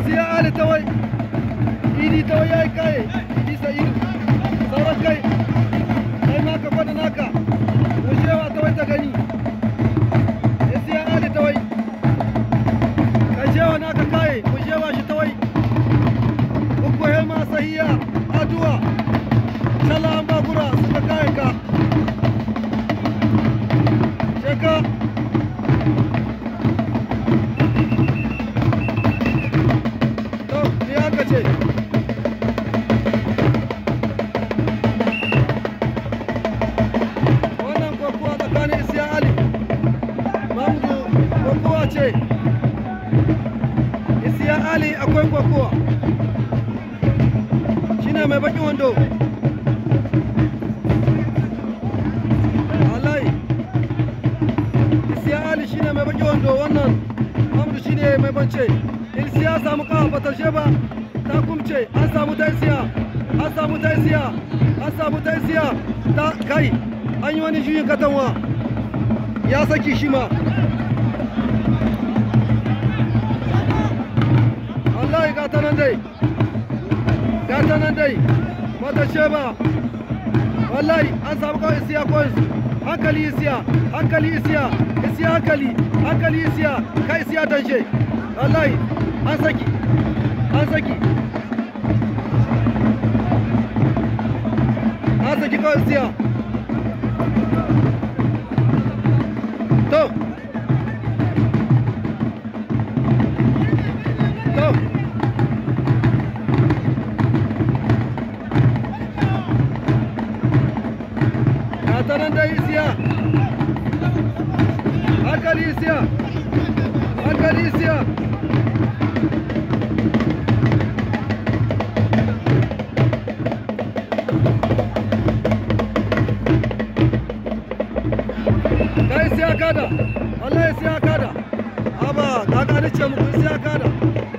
siya ali tawai idi tawai ya yi kaye idi sa'idu sauran kai kai naka kwada naka tawai ta gani ya siya ali tawai kai jewa naka kaye wujewa shi tawai uku hema sahiya aduwa sallan bakura ali akwai kokowa shine mai bakin wando alai isiya ali shine mai bakin wando wannan shi shine mai bance isiya samu kawa batarshe ba ta kumce an samu ta isiya an samu ta isiya an samu ta isiya ta kai an yi wani juyin katanwa ya saki shi ma gata nan dai gata nan dai sheba wallahi an samu kawai isiya coins hankali isiya hankali isiya isiya hankali hankali isiya ka isiya tanshe wallahi an saki an saki an saki kawai isiya Atarandayız ya. Hakkariyiz ya. Hakkariyiz ya. Dai siyakada. Wallahi siyakada. Aba, kaga ni ce muku siyakada.